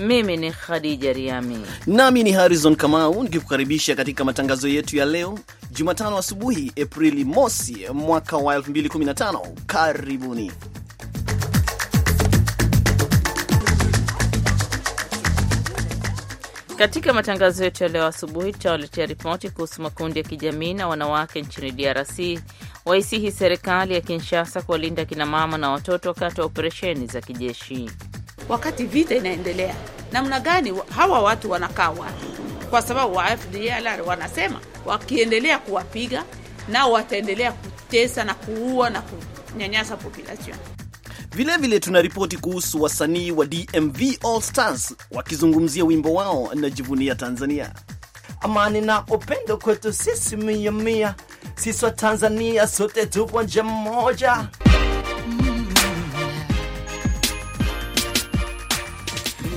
Mimi ni Khadija Riami nami ni Harrison Kamau nikikukaribisha katika matangazo yetu ya leo Jumatano asubuhi, Aprili mosi mwaka wa 2015. Karibuni. Katika matangazo yetu ya leo asubuhi tutawaletea ripoti kuhusu makundi ya kijamii na wanawake nchini DRC waisihi serikali ya Kinshasa kuwalinda kinamama na watoto wakati wa operesheni za kijeshi wakati vita inaendelea, namna gani hawa watu wanakaa wapi? Kwa sababu wa FDLR wanasema wakiendelea kuwapiga nao wataendelea kutesa na kuua na kunyanyasa population. Vilevile tuna ripoti kuhusu wasanii wa DMV All Stars wakizungumzia wimbo wao na jivunia Tanzania, amani na upendo kwetu sisi miamia sisi wa Tanzania sote tupo nje mmoja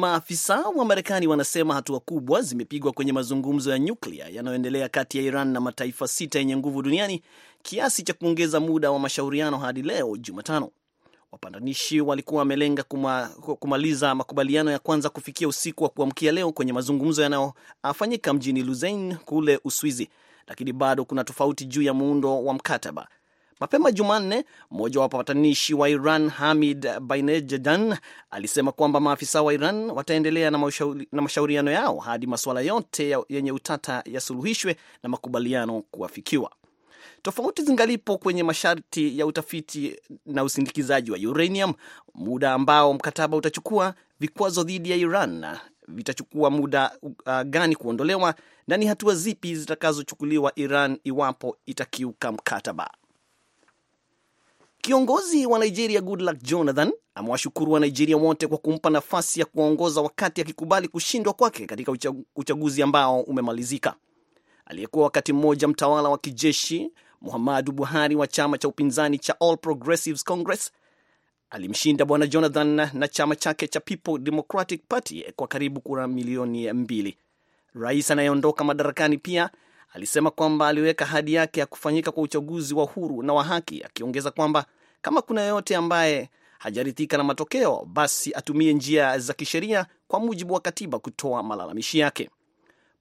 Maafisa wa Marekani wanasema hatua kubwa zimepigwa kwenye mazungumzo ya nyuklia yanayoendelea kati ya Iran na mataifa sita yenye nguvu duniani kiasi cha kuongeza muda wa mashauriano hadi leo Jumatano. Wapatanishi walikuwa wamelenga kuma, kumaliza makubaliano ya kwanza kufikia usiku wa kuamkia leo kwenye mazungumzo yanayofanyika mjini luzein kule Uswizi, lakini bado kuna tofauti juu ya muundo wa mkataba Mapema Jumanne, mmoja wa wapatanishi wa Iran Hamid Bainejadan alisema kwamba maafisa wa Iran wataendelea na mashauriano yao hadi masuala yote yenye utata yasuluhishwe na makubaliano kuafikiwa. Tofauti zingalipo kwenye masharti ya utafiti na usindikizaji wa uranium, muda ambao mkataba utachukua, vikwazo dhidi ya Iran vitachukua muda uh, gani kuondolewa, na ni hatua zipi zitakazochukuliwa Iran iwapo itakiuka mkataba. Kiongozi wa Nigeria Goodluck Jonathan amewashukuru wa Nigeria wote kwa kumpa nafasi ya kuwaongoza wakati akikubali kushindwa kwake katika uchaguzi ambao umemalizika. Aliyekuwa wakati mmoja mtawala wa kijeshi Muhammadu Buhari wa chama cha upinzani cha All Progressives Congress alimshinda Bwana Jonathan na chama chake cha People Democratic Party kwa karibu kura milioni mbili. Rais anayeondoka madarakani pia Alisema kwamba aliweka hadi yake ya kufanyika kwa uchaguzi wa huru na wa haki, akiongeza kwamba kama kuna yeyote ambaye hajaridhika na matokeo, basi atumie njia za kisheria kwa mujibu wa katiba kutoa malalamishi yake.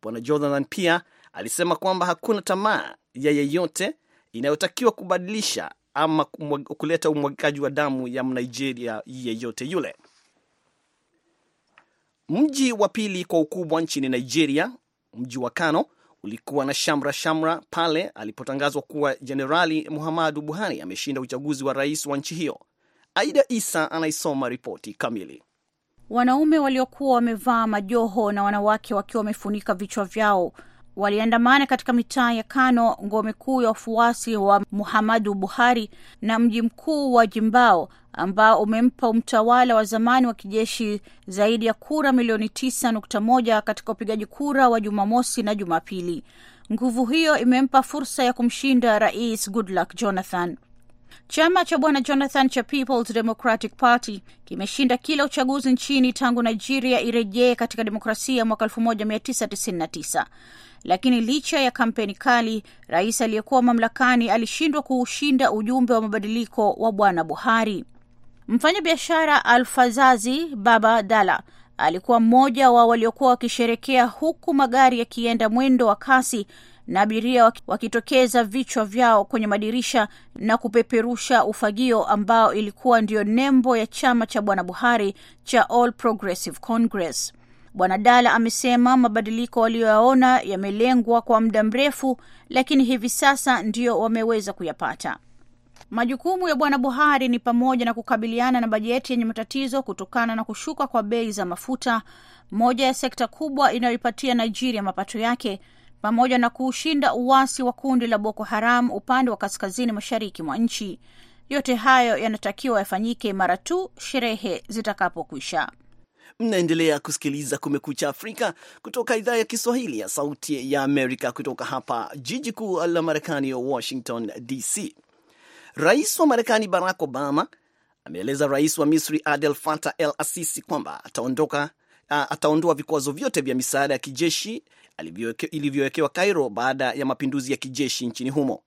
Bwana Jonathan pia alisema kwamba hakuna tamaa ya yeyote inayotakiwa kubadilisha ama kuleta umwagikaji wa damu ya Mnigeria yeyote yule. Mji wa pili kwa ukubwa nchini Nigeria, mji wa Kano, ulikuwa na shamra shamra pale alipotangazwa kuwa Jenerali Muhammadu Buhari ameshinda uchaguzi wa rais wa nchi hiyo. Aida Isa anaisoma ripoti kamili. Wanaume waliokuwa wamevaa majoho na wanawake wakiwa wamefunika vichwa vyao waliandamana katika mitaa ya Kano, ngome kuu ya wafuasi wa Muhammadu Buhari na mji mkuu wa Jimbao ambao umempa mtawala wa zamani wa kijeshi zaidi ya kura milioni tisa nukta moja katika upigaji kura wa Jumamosi na Jumapili. Nguvu hiyo imempa fursa ya kumshinda Rais Goodluck Jonathan. Chama cha bwana Jonathan cha People's Democratic Party kimeshinda kila uchaguzi nchini tangu Nigeria irejee katika demokrasia mwaka 1999 lakini licha ya kampeni kali, rais aliyekuwa mamlakani alishindwa kuushinda ujumbe wa mabadiliko wa Bwana Buhari. Mfanyabiashara Alfazazi Baba Dala alikuwa mmoja wa waliokuwa wakisherekea huku magari yakienda mwendo wa kasi na abiria wakitokeza vichwa vyao kwenye madirisha na kupeperusha ufagio ambao ilikuwa ndiyo nembo ya chama cha Bwana Buhari cha All Progressive Congress. Bwana Dala amesema mabadiliko waliyoyaona yamelengwa kwa muda mrefu, lakini hivi sasa ndiyo wameweza kuyapata. Majukumu ya Bwana Buhari ni pamoja na kukabiliana na bajeti yenye matatizo kutokana na kushuka kwa bei za mafuta, moja ya sekta kubwa inayoipatia Nigeria mapato yake, pamoja na kuushinda uasi wa kundi la Boko Haram upande wa kaskazini mashariki mwa nchi. Yote hayo yanatakiwa yafanyike mara tu sherehe zitakapokwisha. Mnaendelea kusikiliza Kumekucha Afrika kutoka idhaa ya Kiswahili ya Sauti ya Amerika, kutoka hapa jiji kuu la Marekani, Washington DC. Rais wa Marekani Barack Obama ameeleza rais wa Misri Adel fata El Asisi kwamba ataondoka ataondoa vikwazo vyote vya misaada ya kijeshi ilivyowekewa Cairo baada ya mapinduzi ya kijeshi nchini humo.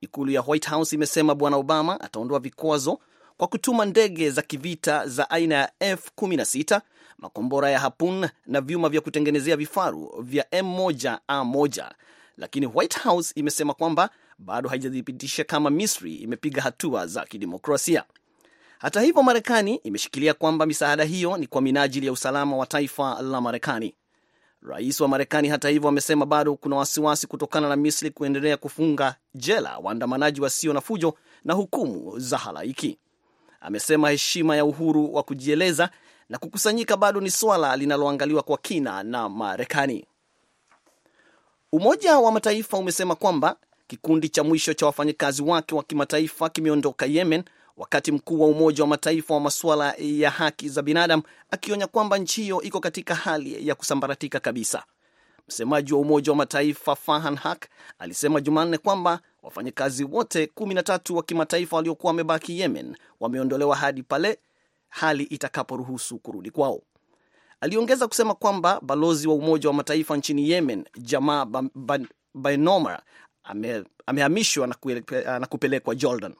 Ikulu ya White House imesema Bwana Obama ataondoa vikwazo kwa kutuma ndege za kivita za aina ya F16 makombora ya hapun na vyuma vya kutengenezea vifaru vya M1A1, lakini White House imesema kwamba bado haijathibitisha kama Misri imepiga hatua za kidemokrasia. Hata hivyo, Marekani imeshikilia kwamba misaada hiyo ni kwa minajili ya usalama wa taifa la Marekani. Rais wa Marekani hata hivyo amesema bado kuna wasiwasi kutokana na Misri kuendelea kufunga jela waandamanaji wasio na fujo na hukumu za halaiki. Amesema heshima ya uhuru wa kujieleza na kukusanyika bado ni swala linaloangaliwa kwa kina na Marekani. Umoja wa Mataifa umesema kwamba kikundi cha mwisho cha wafanyakazi wake wa kimataifa kimeondoka Yemen, wakati mkuu wa Umoja wa Mataifa wa masuala ya haki za binadamu akionya kwamba nchi hiyo iko katika hali ya kusambaratika kabisa. Msemaji wa Umoja wa Mataifa Fahan Hak alisema Jumanne kwamba wafanyakazi wote 13 wa kimataifa waliokuwa wamebaki Yemen wameondolewa hadi pale hali itakaporuhusu kurudi kwao. Aliongeza kusema kwamba balozi wa Umoja wa Mataifa nchini Yemen, Jamaa Bainomar, amehamishwa na kupelekwa Jordan.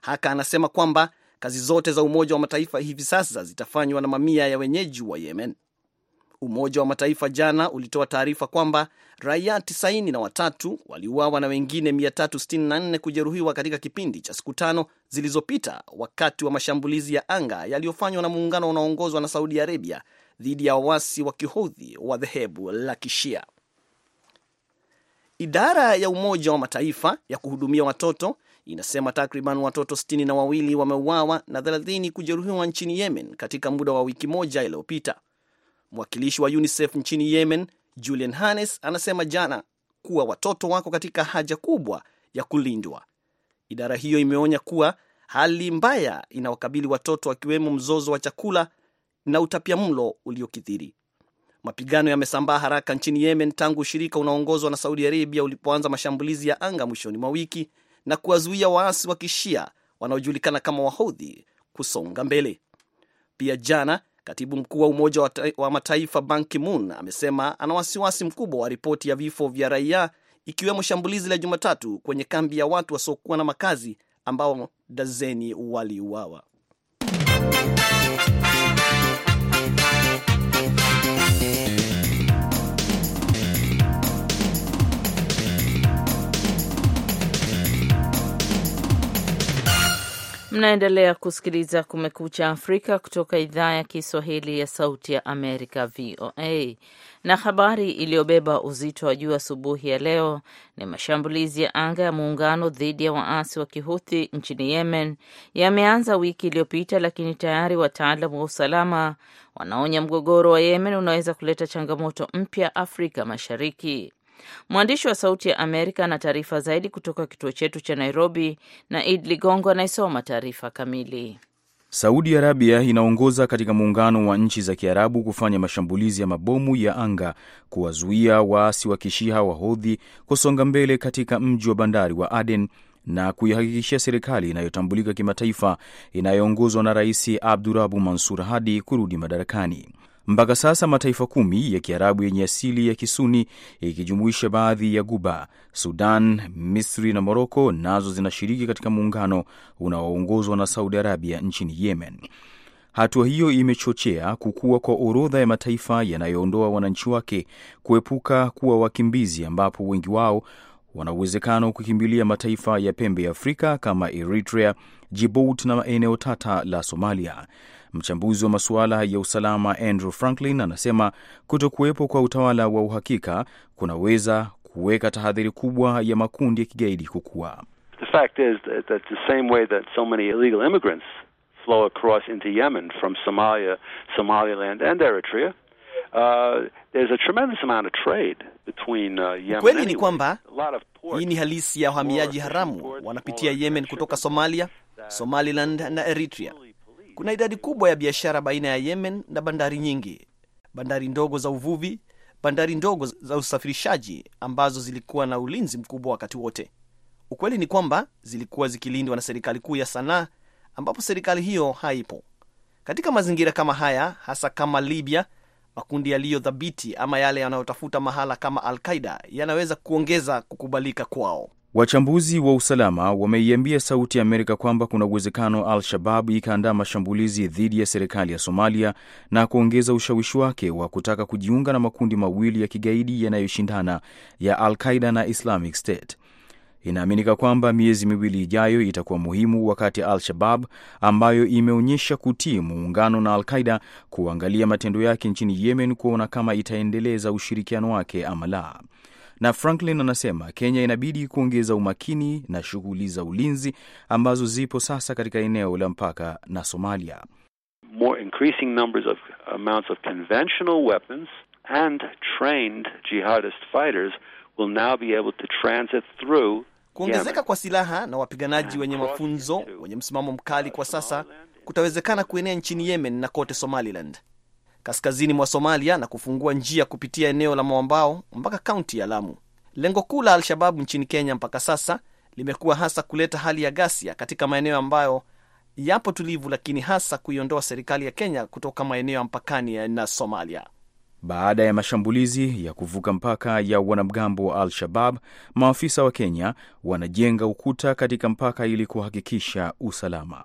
Haka anasema kwamba kazi zote za Umoja wa Mataifa hivi sasa zitafanywa na mamia ya wenyeji wa Yemen. Umoja wa Mataifa jana ulitoa taarifa kwamba raia 93 waliuawa na wengine 364 kujeruhiwa katika kipindi cha siku tano zilizopita wakati wa mashambulizi ya anga yaliyofanywa na muungano unaoongozwa na Saudi Arabia dhidi ya wawasi wa Kihodhi wa dhehebu la Kishia. Idara ya Umoja wa Mataifa ya kuhudumia watoto inasema takriban watoto sitini na wawili wameuawa na 30 kujeruhiwa nchini Yemen katika muda wa wiki moja iliyopita Mwakilishi wa UNICEF nchini Yemen, Julian Hannes, anasema jana kuwa watoto wako katika haja kubwa ya kulindwa. Idara hiyo imeonya kuwa hali mbaya inawakabili watoto, wakiwemo mzozo wa chakula na mlo uliokithiri. Mapigano yamesambaa haraka nchini Yemen tangu ushirika unaoongozwa na Saudi Arabia ulipoanza mashambulizi ya anga mwishoni mwa wiki na kuwazuia waasi wa kishia wanaojulikana kama wahodhi kusonga mbele. Pia jana Katibu mkuu wa Umoja wa, wa Mataifa Ban Ki-moon amesema ana wasiwasi mkubwa wa ripoti ya vifo vya raia ikiwemo shambulizi la Jumatatu kwenye kambi ya watu wasiokuwa na makazi ambao dazeni waliuawa. Mnaendelea kusikiliza Kumekucha Afrika kutoka idhaa ya Kiswahili ya Sauti ya Amerika, VOA. Na habari iliyobeba uzito wa juu asubuhi ya leo ni mashambulizi ya anga ya muungano dhidi ya waasi wa Kihuthi nchini Yemen yameanza wiki iliyopita, lakini tayari wataalam wa usalama wanaonya mgogoro wa Yemen unaweza kuleta changamoto mpya Afrika Mashariki. Mwandishi wa Sauti ya Amerika ana taarifa zaidi kutoka kituo chetu cha Nairobi, na Id Ligongo anayesoma taarifa kamili. Saudi Arabia inaongoza katika muungano wa nchi za Kiarabu kufanya mashambulizi ya mabomu ya anga kuwazuia waasi wa kishiha wa hodhi kusonga mbele katika mji wa bandari wa Aden na kuihakikishia serikali inayotambulika kimataifa inayoongozwa na Rais Abdurabu Mansur Hadi kurudi madarakani. Mpaka sasa mataifa kumi ya Kiarabu yenye asili ya Kisuni ikijumuisha baadhi ya Guba, Sudan, Misri na Moroko nazo zinashiriki katika muungano unaoongozwa na Saudi Arabia nchini Yemen. Hatua hiyo imechochea kukua kwa orodha ya mataifa yanayoondoa wananchi wake kuepuka kuwa wakimbizi, ambapo wengi wao wana uwezekano kukimbilia mataifa ya pembe ya Afrika kama Eritrea, Djibouti na eneo tata la Somalia. Mchambuzi wa masuala ya usalama Andrew Franklin anasema kutokuwepo kwa utawala wa uhakika kunaweza kuweka tahadhari kubwa ya makundi ya kigaidi kukua. The fact is that the same way that so many illegal immigrants flow across into Yemen from Somalia, Somaliland and Eritrea Uh, there's a tremendous amount of trade between, uh, Yemen kweli Ni kwamba hii ni halisi ya wahamiaji haramu wanapitia Yemen kutoka Somalia, Somaliland na Eritrea kuna idadi kubwa ya biashara baina ya Yemen na bandari nyingi, bandari ndogo za uvuvi, bandari ndogo za usafirishaji ambazo zilikuwa na ulinzi mkubwa wakati wote. Ukweli ni kwamba zilikuwa zikilindwa na serikali kuu ya Sanaa, ambapo serikali hiyo haipo. Katika mazingira kama haya, hasa kama Libya, makundi yaliyodhabiti ama yale yanayotafuta mahala kama Al Qaida yanaweza kuongeza kukubalika kwao. Wachambuzi wa usalama wameiambia Sauti ya Amerika kwamba kuna uwezekano Al-Shabab ikaandaa mashambulizi dhidi ya serikali ya Somalia na kuongeza ushawishi wake wa kutaka kujiunga na makundi mawili ya kigaidi yanayoshindana ya Al-Qaida na Islamic State. Inaaminika kwamba miezi miwili ijayo itakuwa muhimu, wakati Al-Shabab ambayo imeonyesha kutii muungano na Al-Qaida kuangalia matendo yake nchini Yemen kuona kama itaendeleza ushirikiano wake ama la na Franklin anasema Kenya inabidi kuongeza umakini na shughuli za ulinzi ambazo zipo sasa katika eneo la mpaka na Somalia. More increasing numbers of amounts of conventional weapons and trained jihadist fighters will now be able to transit through kuongezeka kwa silaha na wapiganaji wenye mafunzo wenye msimamo mkali kwa sasa kutawezekana kuenea nchini Yemen na kote Somaliland kaskazini mwa Somalia na kufungua njia kupitia eneo la mwambao mpaka kaunti ya Lamu. Lengo kuu la Al-Shababu nchini Kenya mpaka sasa limekuwa hasa kuleta hali ya ghasia katika maeneo ambayo yapo tulivu, lakini hasa kuiondoa serikali ya Kenya kutoka maeneo ya mpakani na Somalia. Baada ya mashambulizi ya kuvuka mpaka ya wanamgambo wa Al-Shabab, maafisa wa Kenya wanajenga ukuta katika mpaka ili kuhakikisha usalama.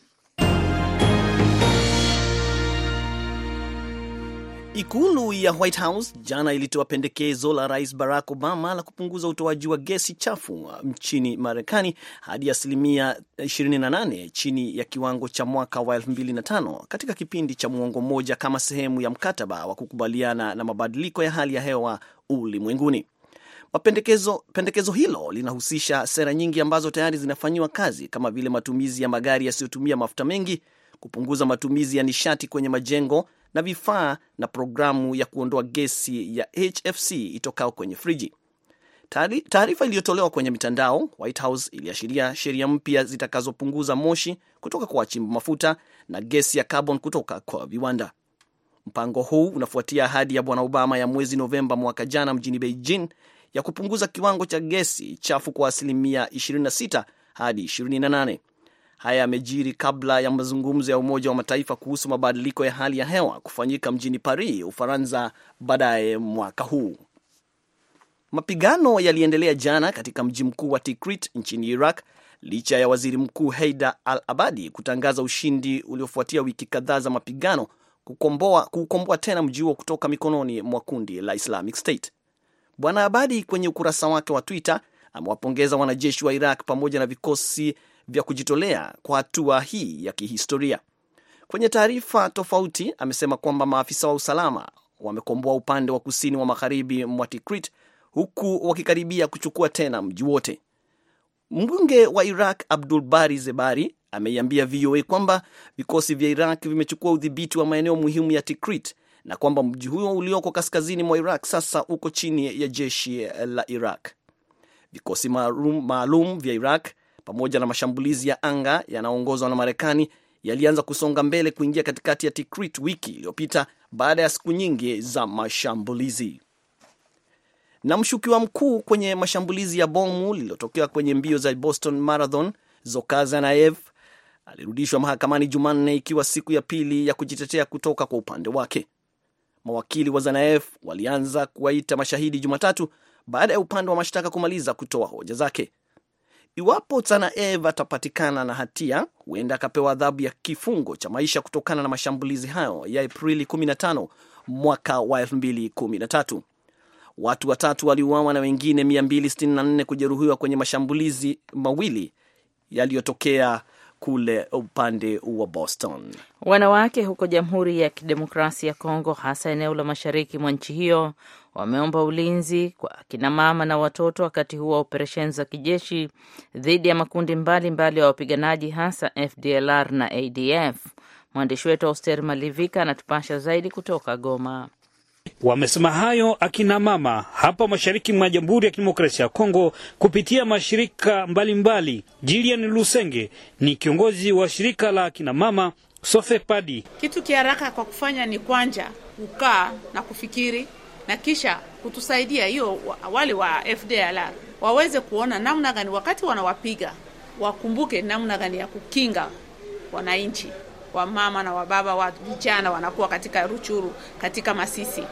Ikulu ya White House jana ilitoa pendekezo la Rais Barack Obama la kupunguza utoaji wa gesi chafu uh, nchini Marekani hadi asilimia 28 chini ya kiwango cha mwaka wa 2005 katika kipindi cha muongo mmoja kama sehemu ya mkataba wa kukubaliana na mabadiliko ya hali ya hewa ulimwenguni. Mapendekezo, pendekezo hilo linahusisha sera nyingi ambazo tayari zinafanyiwa kazi kama vile matumizi ya magari yasiyotumia mafuta mengi, kupunguza matumizi ya nishati kwenye majengo na vifaa na programu ya kuondoa gesi ya HFC itokao kwenye friji. Taarifa iliyotolewa kwenye mitandao, White House iliashiria sheria mpya zitakazopunguza moshi kutoka kwa wachimba mafuta na gesi ya carbon kutoka kwa viwanda. Mpango huu unafuatia ahadi ya Bwana Obama ya mwezi Novemba mwaka jana mjini Beijing ya kupunguza kiwango cha gesi chafu kwa asilimia 26 hadi 28. Haya yamejiri kabla ya mazungumzo ya Umoja wa Mataifa kuhusu mabadiliko ya hali ya hewa kufanyika mjini Paris, Ufaransa, baadaye mwaka huu. Mapigano yaliendelea jana katika mji mkuu wa Tikrit nchini Iraq licha ya waziri mkuu Heida al Abadi kutangaza ushindi uliofuatia wiki kadhaa za mapigano kuukomboa tena mji huo kutoka mikononi mwa kundi la Islamic State. Bwana Abadi kwenye ukurasa wake wa Twitter amewapongeza wanajeshi wa Iraq pamoja na vikosi vya kujitolea kwa hatua hii ya kihistoria. Kwenye taarifa tofauti, amesema kwamba maafisa wa usalama wamekomboa upande wa kusini wa magharibi mwa Tikrit huku wakikaribia kuchukua tena mji wote. Mbunge wa Iraq Abdul Bari Zebari ameiambia VOA kwamba vikosi vya Iraq vimechukua udhibiti wa maeneo muhimu ya Tikrit na kwamba mji huo ulioko kaskazini mwa Iraq sasa uko chini ya jeshi la Iraq. Vikosi maalum vya Iraq pamoja na mashambulizi ya anga yanayoongozwa na Marekani yalianza kusonga mbele kuingia katikati ya Tikrit wiki iliyopita baada ya siku nyingi za mashambulizi. Na mshukiwa mkuu kwenye mashambulizi ya bomu lililotokea kwenye mbio za Boston Marathon, Zoka alirudishwa mahakamani Jumanne, ikiwa siku ya pili ya kujitetea kutoka kwa upande wake. Mawakili wa Zanaev walianza kuwaita mashahidi Jumatatu baada ya upande wa mashtaka kumaliza kutoa hoja zake. Iwapo Tsanaev atapatikana na hatia, huenda akapewa adhabu ya kifungo cha maisha kutokana na mashambulizi hayo ya Aprili 15 mwaka wa 2013. Watu watatu waliuawa na wengine 264 kujeruhiwa kwenye mashambulizi mawili yaliyotokea kule upande wa Boston. Wanawake huko Jamhuri ya Kidemokrasia ya Kongo, hasa eneo la mashariki mwa nchi hiyo, wameomba ulinzi kwa akinamama na watoto wakati huo wa operesheni za kijeshi dhidi ya makundi mbalimbali mbali ya wapiganaji hasa FDLR na ADF. Mwandishi wetu Auster Malivika anatupasha zaidi kutoka Goma. Wamesema hayo akina mama hapa mashariki mwa Jamhuri ya Kidemokrasia ya Kongo kupitia mashirika mbalimbali. Jilian Lusenge ni kiongozi wa shirika la akina mama Sofe Padi. Kitu kiharaka kwa kufanya ni kwanja kukaa na kufikiri na kisha kutusaidia hiyo wale wa FDLR waweze kuona namna gani wakati wanawapiga wakumbuke namna gani ya kukinga wananchi wamama na wababa wa vijana wanakuwa katika Ruchuru, katika Masisi,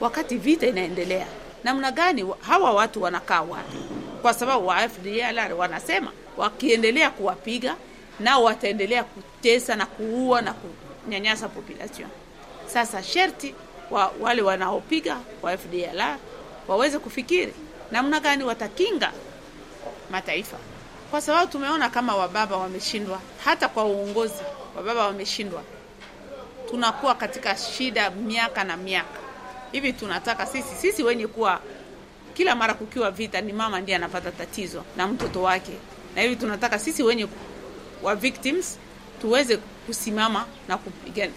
wakati vita inaendelea, namna gani hawa watu wanakaa wapi? Kwa sababu wa FDLR wanasema wakiendelea kuwapiga nao wataendelea kutesa na kuua na kunyanyasa population. Sasa sherti wa, wale wanaopiga kwa FDLR waweze kufikiri namna gani watakinga mataifa, kwa sababu tumeona kama wababa wameshindwa, hata kwa uongozi wababa wameshindwa. Tunakuwa katika shida miaka na miaka hivi. Tunataka sisi sisi wenye kuwa kila mara kukiwa vita, ni mama ndiye anapata tatizo na mtoto wake, na hivi tunataka sisi wenye wa victims tuweze kusimama na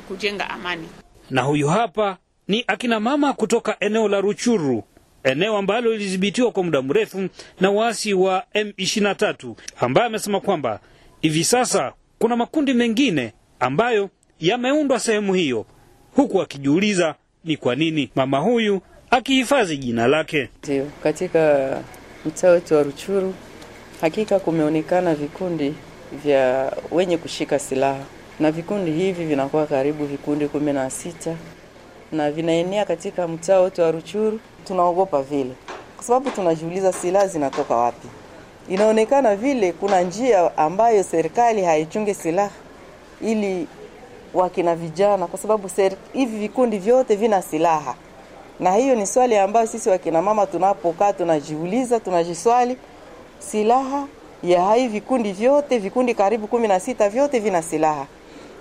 kujenga amani. Na huyu hapa ni akina mama kutoka eneo la Ruchuru, eneo ambalo lilidhibitiwa kwa muda mrefu na waasi wa M23, ambaye amesema kwamba hivi sasa kuna makundi mengine ambayo yameundwa sehemu hiyo, huku akijiuliza ni kwa nini mama huyu akihifadhi jina lake. Ndio, katika mtaa wetu wa Ruchuru hakika kumeonekana vikundi vya wenye kushika silaha na vikundi hivi vinakuwa karibu vikundi kumi na sita na vinaenea katika mtaa wote wa Ruchuru. Tunaogopa vile kwa sababu tunajiuliza silaha zinatoka wapi. Inaonekana vile kuna njia ambayo serikali haichunge silaha ili wakina vijana, kwa sababu hivi vikundi vyote vina silaha, na hiyo ni swali ambayo sisi wakina mama tunapokaa tunajiuliza, tunajiswali silaha ya hai vikundi vyote, vikundi karibu kumi na sita vyote vina silaha,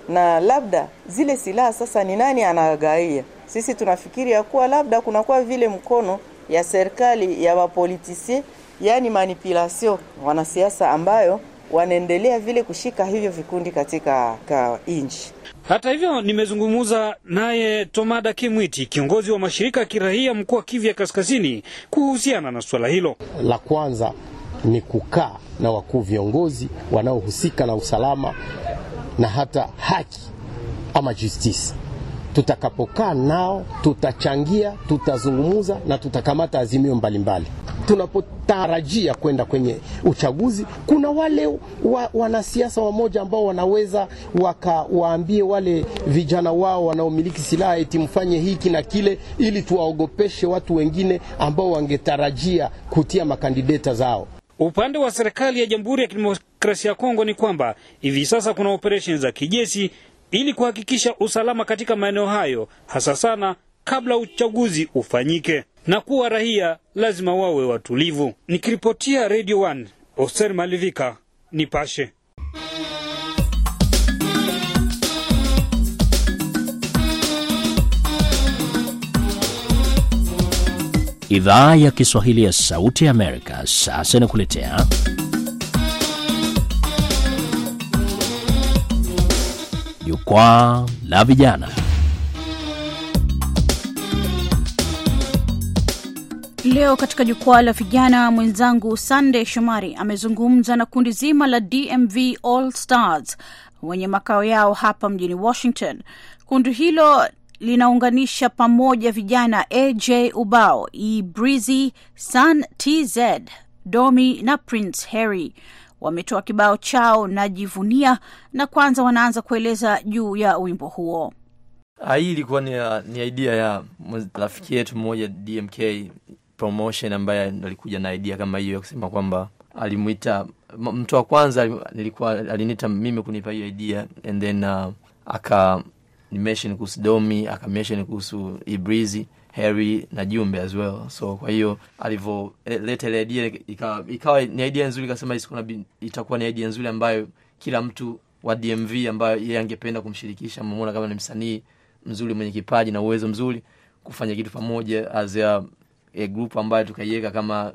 na labda zile silaha sasa ni nani anagaia? Sisi tunafikiri ya kuwa labda kunakuwa vile mkono ya serikali ya wapolitisie, yani manipulation wanasiasa ambayo wanaendelea vile kushika hivyo vikundi katika ka inchi. Hata hivyo nimezungumza naye Tomada Kimwiti, kiongozi wa mashirika ya kiraia mkoa wa Kivu ya Kaskazini, kuhusiana na swala hilo. La kwanza ni kukaa na wakuu viongozi wanaohusika na usalama na hata haki ama justice tutakapokaa nao tutachangia, tutazungumuza na tutakamata azimio mbalimbali Tunapotarajia kwenda kwenye uchaguzi, kuna wale wa, wanasiasa wamoja ambao wanaweza wakawaambie wale vijana wao wanaomiliki silaha eti mfanye hiki na kile, ili tuwaogopeshe watu wengine ambao wangetarajia kutia makandideta zao. Upande wa serikali ya Jamhuri ya Kidemokrasia ya Kongo ni kwamba hivi sasa kuna operesheni za kijeshi ili kuhakikisha usalama katika maeneo hayo, hasa sana kabla uchaguzi ufanyike, na kuwa raia lazima wawe watulivu. Nikiripotia Radio 1, Oster Malivika, Nipashe. Idhaa ya Kiswahili ya Sauti ya Amerika sasa inakuletea Jukwaa la Vijana. Leo katika jukwaa la vijana, mwenzangu Sande Shomari amezungumza na kundi zima la DMV All Stars wenye makao yao hapa mjini Washington. Kundi hilo linaunganisha pamoja vijana AJ Ubao, ebrizy san Sun TZ, Domi na Prince Harry wametoa kibao chao najivunia, na kwanza wanaanza kueleza juu ya wimbo huo. Ah, hii ilikuwa ni, ah, ni idea ya rafiki yetu mmoja DMK Promotion ambaye alikuja na idea kama hiyo ya kusema kwamba alimwita mtu wa kwanza, nilikuwa alinita mimi kunipa hiyo idea and then uh, aka kuhusu Domi, aka kuhusu Ibrizi Harry na Jumbe as well. So kwa hiyo alivyoleta eh, ile idea ikawa ikawa ni idea nzuri, kasema itakuwa ni idea nzuri ambayo kila mtu wa DMV ambayo yeye angependa kumshirikisha, mmeona kama ni msanii mzuri mwenye kipaji na uwezo mzuri, kufanya kitu pamoja as a, a group ambayo tukaiweka kama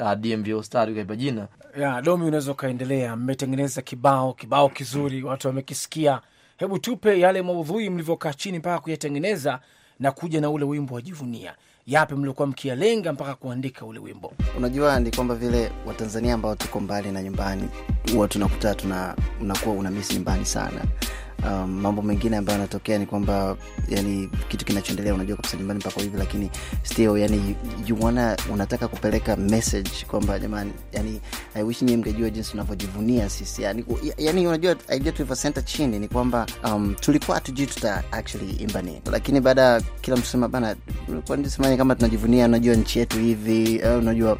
uh, DMV All Star tukaipa jina yeah. Domi, unaweza ukaendelea, mmetengeneza kibao kibao kizuri, watu wamekisikia. Hebu tupe yale maudhui mlivyokaa chini mpaka kuyatengeneza na kuja na ule wimbo wa Jivunia. Yapi mliokuwa mkialenga mpaka kuandika ule wimbo? Unajua, ni kwamba vile Watanzania ambao tuko mbali na nyumbani huwa tunakuta tuna unakuwa una misi nyumbani sana um, mambo mengine ambayo yanatokea ni kwamba yani kitu kinachoendelea unajua kabisa nyumbani mpaka hivi lakini still yani you wanna, unataka kupeleka message kwamba jamani yani i wish nie mgejua jinsi tunavyojivunia sisi yani, yani unajua idea tulivyosenta chini ni kwamba um, tulikuwa hatujui tuta actually imba nini lakini baada ya kila mtu sema bana kwanisemanye kama tunajivunia unajua nchi yetu hivi uh, unajua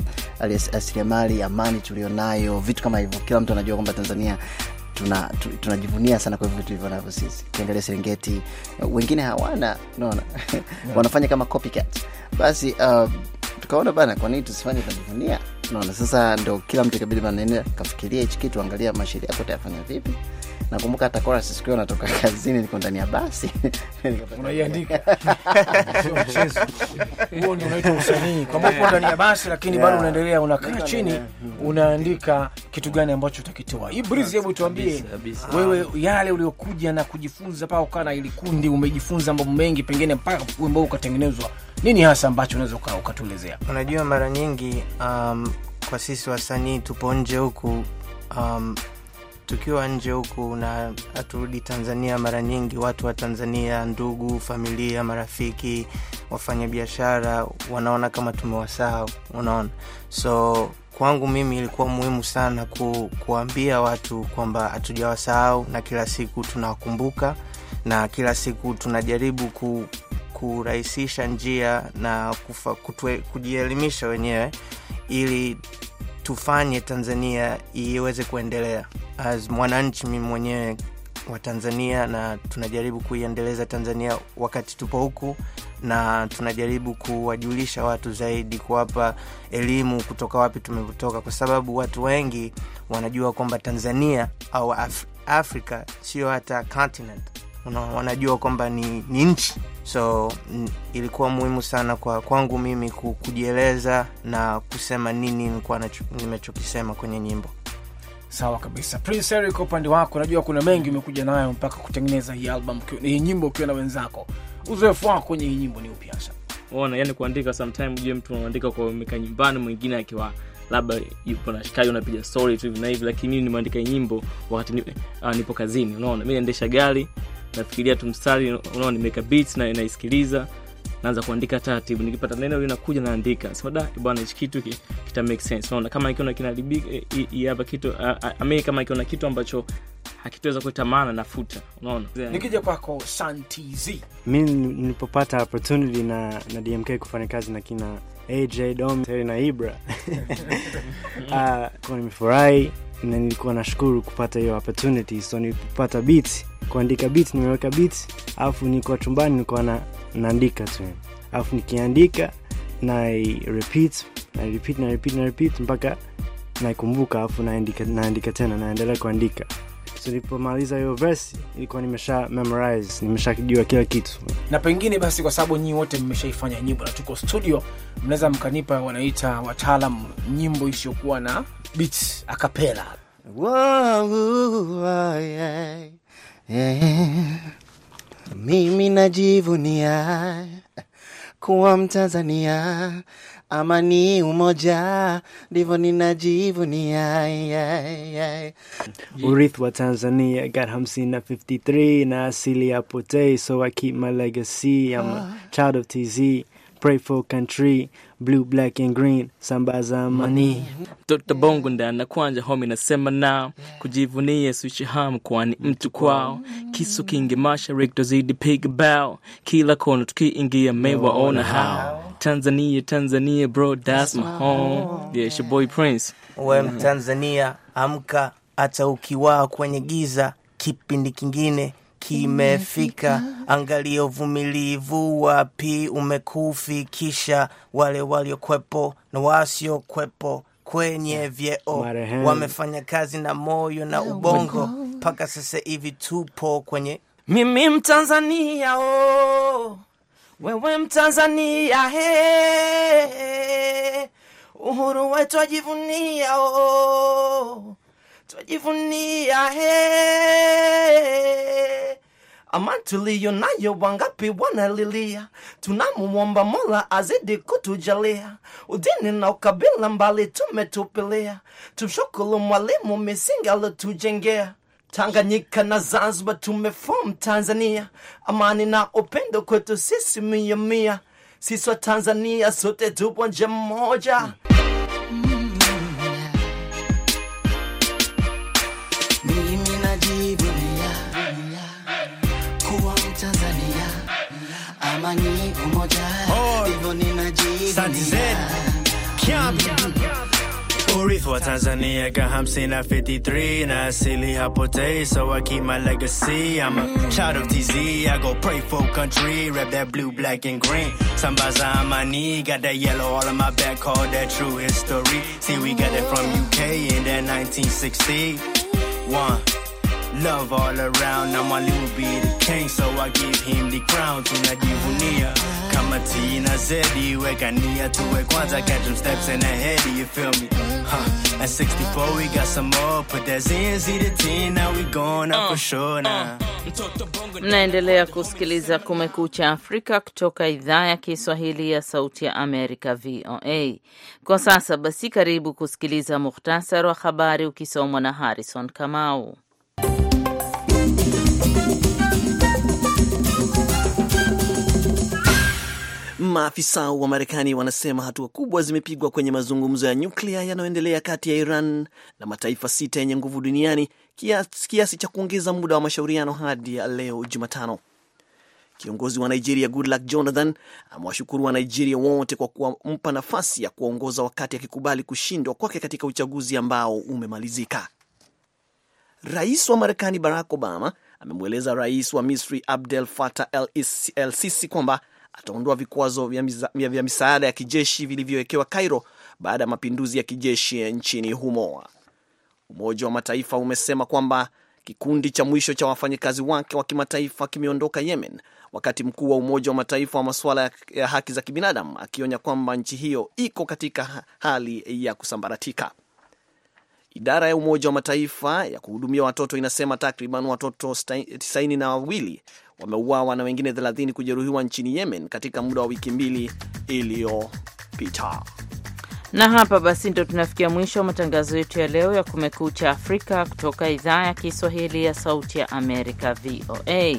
asiriamali amani tulionayo vitu kama hivyo kila mtu anajua kwamba tanzania tuna tunajivunia sana kwa vitu hivyo navyo sisi ukiangalia serengeti wengine hawana naona wanafanya kama copycat basi uh, tukaona bana, kwa nini tusifanye Tanzania? Naona sasa ndo kila mtu kabidi manene kafikiria hichi kitu, angalia masheria yako tayafanya vipi. Nakumbuka hata kora sisikuwa natoka kazini, niko ndani ya basi unaiandika. huo, ndio unaitwa usanii, kwamba uko ndani ya basi lakini bado unaendelea, unakaa chini, hmm. unaandika kitu gani ambacho utakitoa. Ibrizi, hebu tuambie wewe, ah. yale uliokuja na kujifunza paka ukaa na ili kundi, umejifunza mambo mengi, pengine mpaka wimbo ukatengenezwa, nini hasa ambacho unaweza ukatuelezea? kuelezea? Unajua, mara nyingi um, kwa sisi wasanii tupo nje huku um, tukiwa nje huku na haturudi Tanzania, mara nyingi watu wa Tanzania, ndugu, familia, marafiki, wafanyabiashara wanaona kama tumewasahau, unaona. So kwangu mimi ilikuwa muhimu sana ku, kuambia watu kwamba hatujawasahau na kila siku tunawakumbuka na kila siku tunajaribu ku, kurahisisha njia na kufa, kutwe, kujielimisha wenyewe ili tufanye Tanzania iweze kuendelea. As mwananchi mimi mwenyewe wa Tanzania, na tunajaribu kuiendeleza Tanzania wakati tupo huku, na tunajaribu kuwajulisha watu zaidi, kuwapa elimu kutoka wapi tumetoka, kwa sababu watu wengi wanajua kwamba Tanzania au Af Afrika sio hata continent una, wanajua kwamba ni, ni nchi so n, ilikuwa muhimu sana kwa kwangu mimi kujieleza na kusema nini nilikuwa nimechokisema kwenye nyimbo. Sawa kabisa. Prince Eric, kwa upande wako, najua kuna mengi umekuja nayo mpaka kutengeneza hii album, hii nyimbo ukiwa na wenzako. Uzoefu wako kwenye hii nyimbo ni upi hasa? Ona, yani kuandika samtime ujue mtu anaandika kwa meka nyumbani, mwingine akiwa labda yupo na shikaji, unapiga stori tu hivi na hivi, lakini mii nimeandika nyimbo wakati ah, nipo kazini. Unaona, mi naendesha gari nafikiria tu mstari unaona, nimeka beats na naisikiliza, naanza kuandika taratibu, nikipata neno linakuja naandika, so da bwana, hichi kitu kita make sense. naona kama ikiona kinaharibika eh, hapa kitu, ame kama ikiona kitu ambacho hakitoweza kuleta maana na futa Unaona, nikija kwako Santizi, mi nilipopata opportunity na na DMK kufanya kazi na kina AJ Dom na Ibra, uh, kwa nimefurahi na nilikuwa nashukuru kupata hiyo opportunity. So nilipopata beat, kuandika beat, nimeweka beat, alafu nilikuwa chumbani nilikuwa na, naandika tu, alafu nikiandika na repeat na repeat na repeat na repeat mpaka naikumbuka, alafu naandika, naandika tena, naendelea kuandika. So nilipomaliza hiyo vesi ilikuwa nimesha memorize, nimeshakijua kila kitu. Na pengine basi, kwa sababu nyinyi wote mmeshaifanya nyimbo na tuko studio, mnaweza mkanipa wanaita wataalam nyimbo isiyokuwa na beats akapela Wow, yeah, yeah. Mimi najivunia kuwa Mtanzania, amani, umoja, ndivyo ninajivunia. yeah, yeah. Urithi wa Tanzania got hamsini na 53 na asili ya Potei, so I keep my legacy. I'm a ah. child of TZ pray for country blue black and green sambaza mani Dr Bongo ndana kwanja homi nasema na kujivunia Swishham, kwani mtu kwao kisu kingi mashariki tozidi pig bell kila kona tukiingia mewaona how Tanzania, Tanzania bro, that's my home. Yeah, your boy Prince. We tanzania amka, hata ukiwaa kwenye giza, kipindi kingine kimefika, angalia uvumilivu wapi umekufikisha. Wale waliokwepo na wasiokwepo kwenye vyeo wamefanya kazi na moyo na ubongo, mpaka sasa hivi tupo kwenye mimi Mtanzania oh, wewe Mtanzania he, uhuru wetu ajivunia oh twajivunia he amani tuliyonayo, wangapi wanalilia, tunamuwomba Mola azidi kutujalia. Udini na ukabila mbali tumetupilia, tumshukuru Mwalimu misingi alotujengea. Tanganyika na Zanzibar tumeform Tanzania, amani na upendo kwetu sisi mia siswa Tanzania sote tupo nje mmoja. Urithwa Tanzania got hamsini na 53 na asili hapote so I keep my legacy I'm a child of TZ I go pray for country rap that blue black and green Sambaza on my knee got that yellow all on my back call that true history see we got it from UK in that 1960 one love all around na mwalimu Billy king so I give him the crown. Tunajivunia kama tina zedi Z, weka nia tuwe kwanza, catch them steps and ahead, you feel me? Huh. At 64 we got some more, put that ZNZ to T, now we going up oh. for sure now. naendelea kusikiliza Kumekucha Afrika kutoka idhaa ya Kiswahili ya Sauti ya Amerika, VOA. Kwa sasa basi, karibu kusikiliza muhtasari wa habari ukisomwa na Harrison Kamau. Maafisa wa Marekani wanasema hatua kubwa zimepigwa kwenye mazungumzo ya nyuklia yanayoendelea kati ya Iran na mataifa sita yenye nguvu duniani kiasi, kiasi cha kuongeza muda wa mashauriano hadi ya leo Jumatano. Kiongozi wa Nigeria Goodluck Jonathan amewashukuru wa Nigeria wote kwa kumpa nafasi ya kuongoza wakati akikubali kushindwa kwake katika uchaguzi ambao umemalizika. Rais wa Marekani Barack Obama amemweleza rais wa Misri Abdel Fattah el-Sisi kwamba ataondoa vikwazo vya misaada ya kijeshi vilivyowekewa Cairo baada ya mapinduzi ya kijeshi nchini humo. Umoja wa Mataifa umesema kwamba kikundi cha mwisho cha wafanyakazi wake wa kimataifa kimeondoka Yemen, wakati mkuu wa Umoja wa Mataifa wa masuala ya haki za kibinadamu akionya kwamba nchi hiyo iko katika hali ya kusambaratika. Idara ya Umoja wa Mataifa ya kuhudumia watoto inasema takriban watoto 9 na wawili wameuawa na wengine 30 kujeruhiwa nchini Yemen katika muda wa wiki mbili iliyopita. Na hapa basi ndo tunafikia mwisho wa matangazo yetu ya leo ya Kumekucha Afrika kutoka idhaa ya Kiswahili ya Sauti ya Amerika, VOA.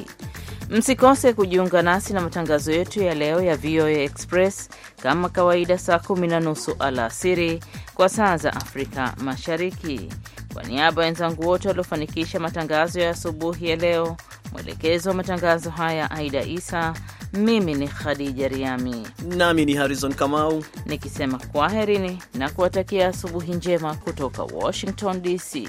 Msikose kujiunga nasi na matangazo yetu ya leo ya VOA Express kama kawaida, saa kumi na nusu alasiri kwa saa za Afrika Mashariki. Kwa niaba ya wenzangu wote waliofanikisha matangazo ya asubuhi ya leo, Mwelekezo wa matangazo haya Aida Isa, mimi ni Khadija Riami nami ni Harrison Kamau nikisema kwaherini na kuwatakia asubuhi njema kutoka Washington DC.